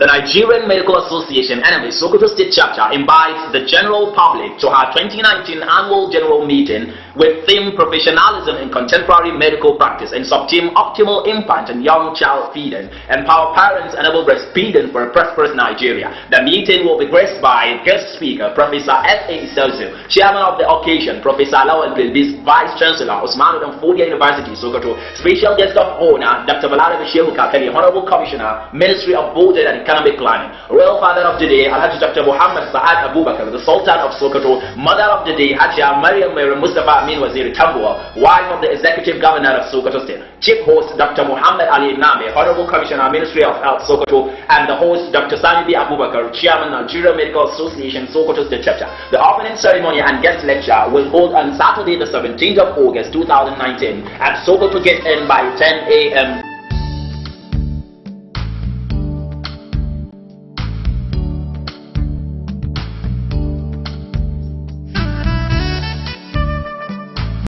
The Nigerian Medical Association NMA Sokoto State Chapter invites the general public to her 2019 annual general meeting with theme Professionalism in Contemporary Medical Practice and sub-theme Optimal Infant and Young Child Feeding Empower Parents and Enable Breastfeeding for a Prosperous Nigeria. The meeting will be graced by guest speaker Professor F A Celso, Chairman of the occasion, Professor Alawal Bilbis, Vice Chancellor, Osmanu Danfodia University, Sokoto, Special Guest of Honor, Dr. Valerie Bashir Mukakeli, Honorable Commissioner, Ministry of Board and economic planning. Royal father of the day, Alhaji Dr. Muhammad Sa'ad Abubakar, the Sultan of Sokoto, mother of the day, Hajia Maryam Mary Mustafa Amin Waziri Tambua, wife of the executive governor of Sokoto State, chief host Dr. Muhammad Ali Name, Honorable Commissioner, Ministry of Health, Sokoto, and the host Dr. Sanidi Abubakar, chairman, Nigeria Medical Association, Sokoto State Chapter. The opening ceremony and guest lecture will hold on Saturday, the 17th of August 2019 at Sokoto Gate Inn by 10 a.m.